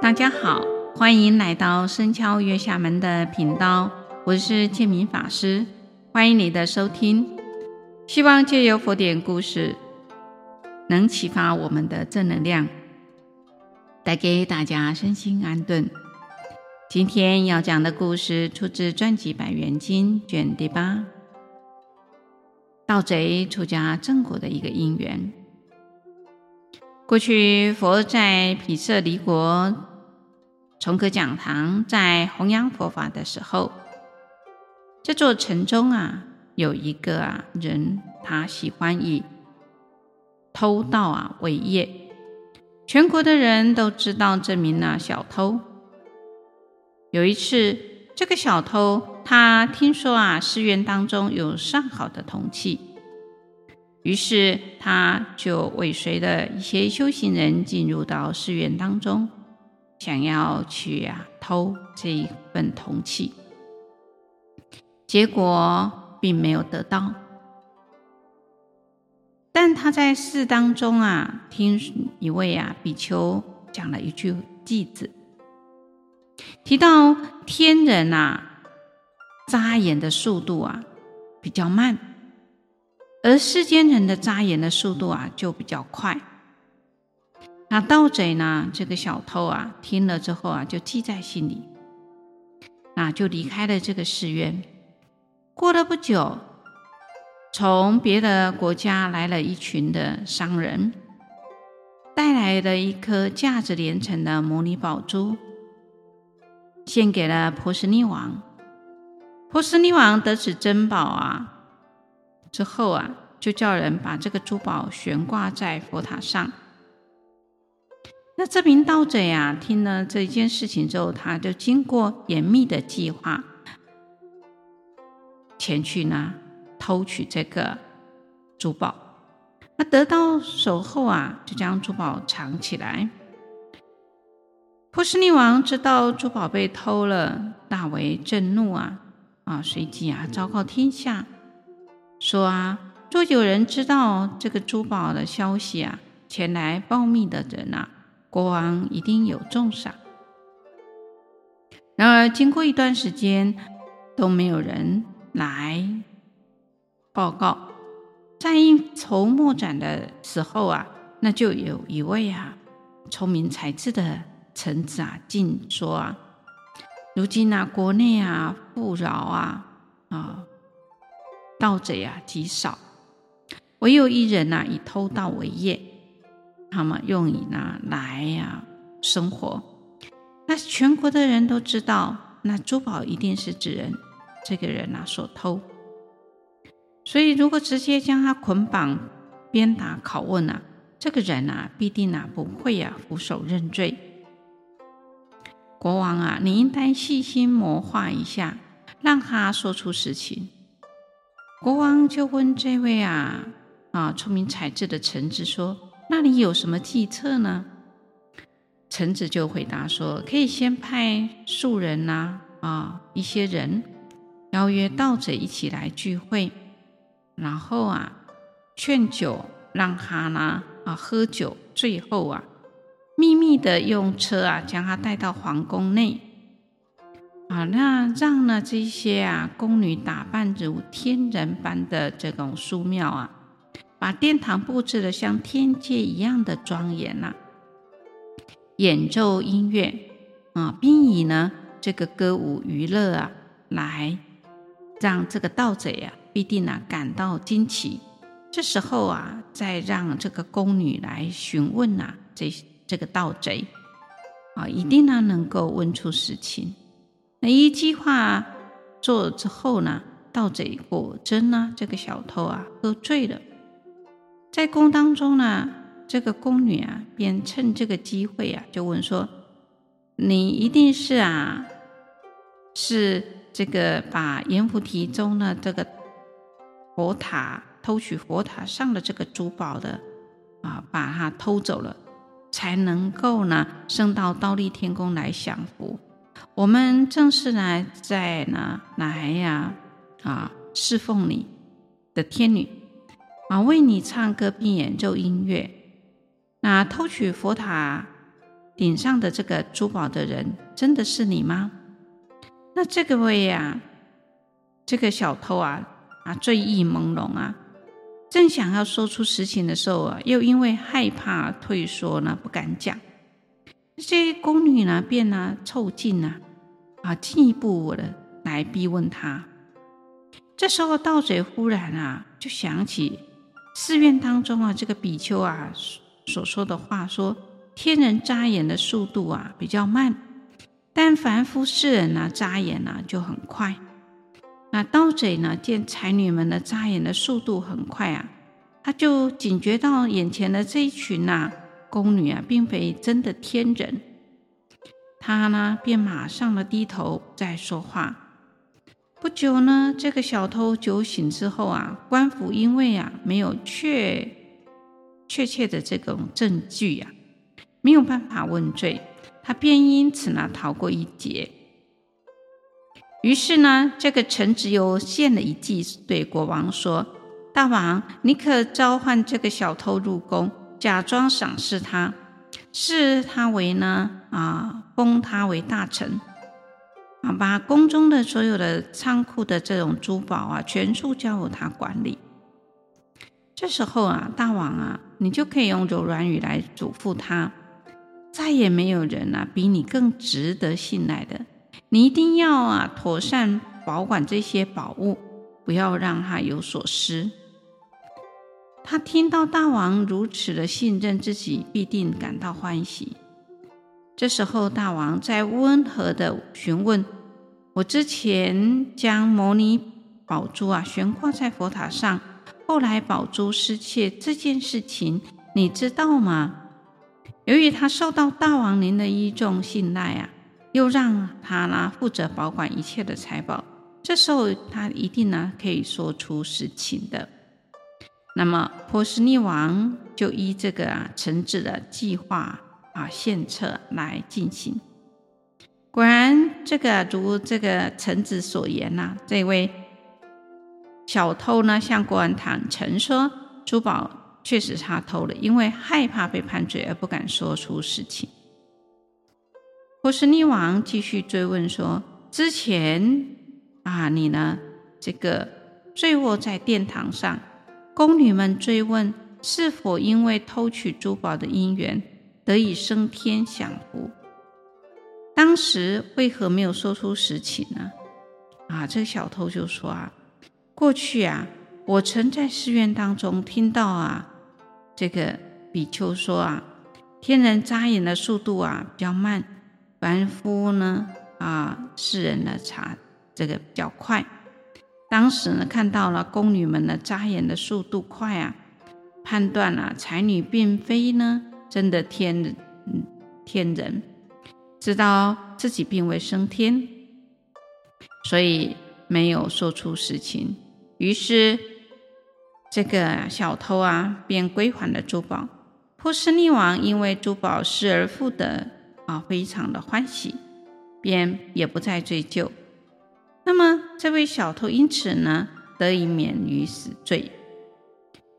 大家好，歡迎來到僧敲月下門的頻道，我是建明法師，歡迎你的收聽。希望借由佛典故事，能啟發我們的正能量，帶給大家身心安頓。今天要講的故事出自《撰集百緣經》卷第八，盜賊出家證果的一個因緣。過去，佛在毗舍離國重閣講堂在弘揚佛法的時候，這座城中啊，有一個啊人，他喜歡以偷盜啊為業，全國的人都知道這名了、啊、小偷。有一次，這個小偷他聽說啊，寺院當中有上好的銅器。於是他就尾隨了一些修行人進入到寺院當中，想要去啊偷這一份銅器，結果並沒有得到。但他在寺當中啊，聽一位啊比丘講了一句偈子，提到天人啊眨眼的速度啊比較慢，而世間人的眨眼的速度啊，就比較快。那盜賊呢？這個小偷啊，聽了之後啊，就記在心裡，那就離開了這個寺院。過了不久，從別的國家來了一群的商人，帶來了一顆價值連城的摩尼寶珠，獻給了波斯匿王。波斯匿王得此珍寶啊！之後啊，就叫人把這個珠寶懸掛在佛塔上。那這名盜賊呀，聽了這件事情之後，他就經過嚴密的計劃，前去呢偷取這個珠寶。那得到手後啊，就將珠寶藏起來。波斯匿王知道珠寶被偷了，大為震怒啊啊，隨即啊昭告天下。說啊，若有人知道這個珠寶的消息啊，前來報密的人啊，國王一定有重賞。然而，經過一段時間，都沒有人來報告。在一籌莫展的時候啊，那就有一位啊，聰明才智的臣子啊，進說啊，如今啊，國內啊，富饒啊，啊。盜賊啊極少，唯有一人吶、啊、以偷盜為業，那麼用以呢來呀、啊、生活。那全國的人都知道，那珠寶一定是指人，這個人吶、啊、所偷。所以如果直接將他捆綁、鞭打、拷問啊，這個人啊必定啊不會啊俯首認罪。國王啊，你應該細心謀劃一下，讓他說出實情。國王就問這位啊啊聰明才智的臣子說：“那你有什麼計策呢？”臣子就回答說：“可以先派數人吶啊，啊一些人邀約盜賊一起來聚會，然後啊勸酒讓他呢啊喝酒，最後啊秘密的用車啊將他帶到皇宮內。”啊，那讓呢這些啊宮女打扮如天人般的這種殊妙啊，把殿堂佈置得像天界一樣的莊嚴吶、啊，演奏音樂啊，並以呢這個歌舞娛樂啊，來讓這個盜賊啊必定啊感到驚奇。這時候啊，再讓這個宮女來詢問啊這這個盜賊啊，一定呢能夠問出實情。嗯那一計劃做了之後呢，盜賊果真呢、啊，這個小偷啊喝醉了，在宮當中呢，這個宮女啊便趁這個機會啊，就問說：“你一定是啊，是這個把閻浮提中的這個佛塔偷取佛塔上的這個珠寶的啊，把它偷走了，才能夠呢升到忉利天宮來享福。”我們正是來在呢，來呀、啊？啊，侍奉你的天女啊，為你唱歌並演奏音樂。那偷取佛塔頂上的這個珠寶的人，真的是你嗎？那這個位呀、啊，這個小偷啊啊，醉意朦朧啊，正想要說出實情的時候啊，又因為害怕退縮呢，不敢講。這些宮女呢、啊，便呢湊近啊，啊，進一步的來逼問他。這時候，盜賊忽然啊，就想起寺院當中啊，這個比丘啊所說的話，說天人眨眼的速度啊比較慢，但凡夫世人呢、啊、眨眼呢、啊、就很快。那盜賊呢見綵女們的眨眼的速度很快啊，他就警覺到眼前的這一群吶、啊。宮女啊，並非真的天人，她呢便馬上的低頭，再說話。不久呢，這個小偷酒醒之後啊，官府因為啊沒有確確切的這種證據呀、啊，沒有辦法問罪，他便因此呢逃過一劫。於是呢，這個臣子又獻了一計，對國王說：“大王，你可召喚這個小偷入宮。”假裝賞識他，視他為呢啊，封他為大臣，啊，把宮中的所有的倉庫的這種珠寶啊，全數交由他管理。這時候啊，大王啊，你就可以用柔軟語來囑咐他：再也沒有人啊比你更值得信賴的，你一定要啊妥善保管這些寶物，不要讓他有所失。他聽到大王如此的信任自己，必定感到歡喜。這時候，大王再溫和的詢問：“我之前將摩尼寶珠啊懸掛在佛塔上，後來寶珠失竊，這件事情，你知道嗎？”由於他受到大王您的倚重信賴啊，又讓他呢、啊、負責保管一切的財寶，這時候他一定呢、啊、可以說出實情的。那麼波斯匿王就依這個、啊、臣子的計劃啊獻策來進行。果然，這個如這個臣子所言吶、啊，這位小偷呢向國王坦誠說，珠寶確實他偷了，因為害怕被判罪，而不敢說出實情。波斯匿王繼續追問說：“之前啊，你呢這個醉臥在殿堂上，”宮女們追問：“是否因為偷取珠寶的因緣，得以升天享福？當時為何沒有說出實情呢？”啊，這個小偷就說：“啊，過去啊，我曾在寺院當中聽到啊，這個比丘說啊，天人眨眼的速度啊比較慢，凡夫呢啊世人的眨這個比較快。”當時呢，看到了宮女們的眨眼的速度快啊，判斷了綵女並非呢真的天，天人，知道自己並未升天，所以沒有說出實情。於是這個小偷啊，便歸還了珠寶。波斯匿王因為珠寶失而復得啊，非常的歡喜，便也不再追究。那麼，這位小偷因此呢得以免於死罪，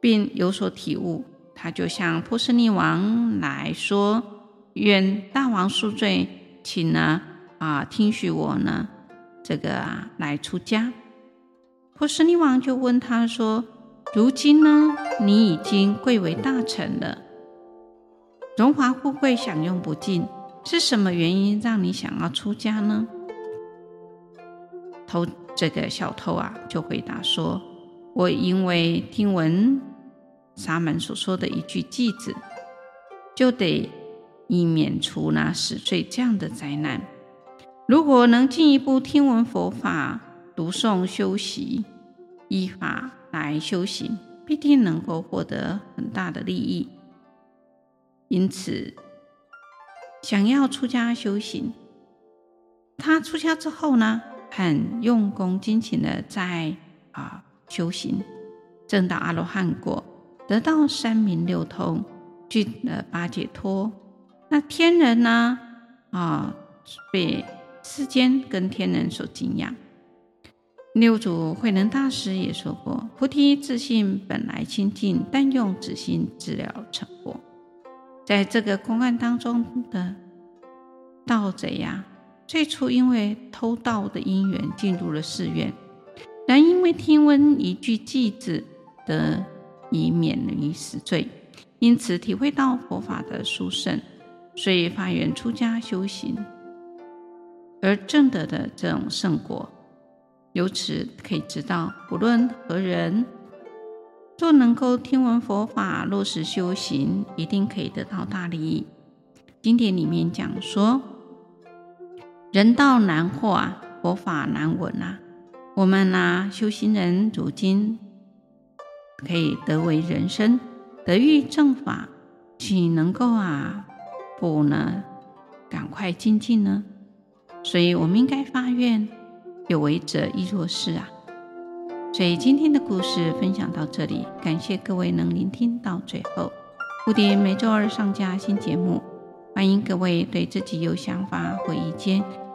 並有所體悟。他就向波斯匿王來說：“願大王恕罪，請呢啊，啊聽許我呢這個、啊、來出家。”波斯匿王就問他說：“如今呢你已經貴為大臣了，榮華富貴享用不盡，是什麼原因讓你想要出家呢？”偷這個小偷啊，就回答說：“我因為聽聞沙門所說的一句偈，偈子，就得以免除那死罪這樣的災難。如果能進一步聽聞佛法、讀誦、修習，依法來修行，必定能夠獲得很大的利益。因此，想要出家修行，他出家之後呢，”很用功精勤的在啊修行，證到阿羅漢果，得到三明六通，具了八解脫。那天人呢啊被世間跟天人所敬仰。六祖慧能大師也說過：“菩提自性本來清淨，但用此心，直了成佛。”在這個公案當中的盜賊呀、啊。最初因為偷盜的因緣進入了寺院，然因為聽聞一句偈子得以免於死罪，因此體會到佛法的殊勝，所以發願出家修行。而證得的這種聖果，由此可以知道，不論何人，若能夠聽聞佛法、落實修行，一定可以得到大利益。經典裡面講說。人道難獲啊，佛法難聞吶、啊。我們吶、啊，修行人如今可以得為人身，得遇正法，豈能夠啊不呢趕快精進，進呢？所以，我們應該發願，有為者亦若是啊。所以，今天的故事分享到這裡，感謝各位能聆聽到最後。蝴蝶每周二上架新節目，歡迎各位對自己有想法或意見。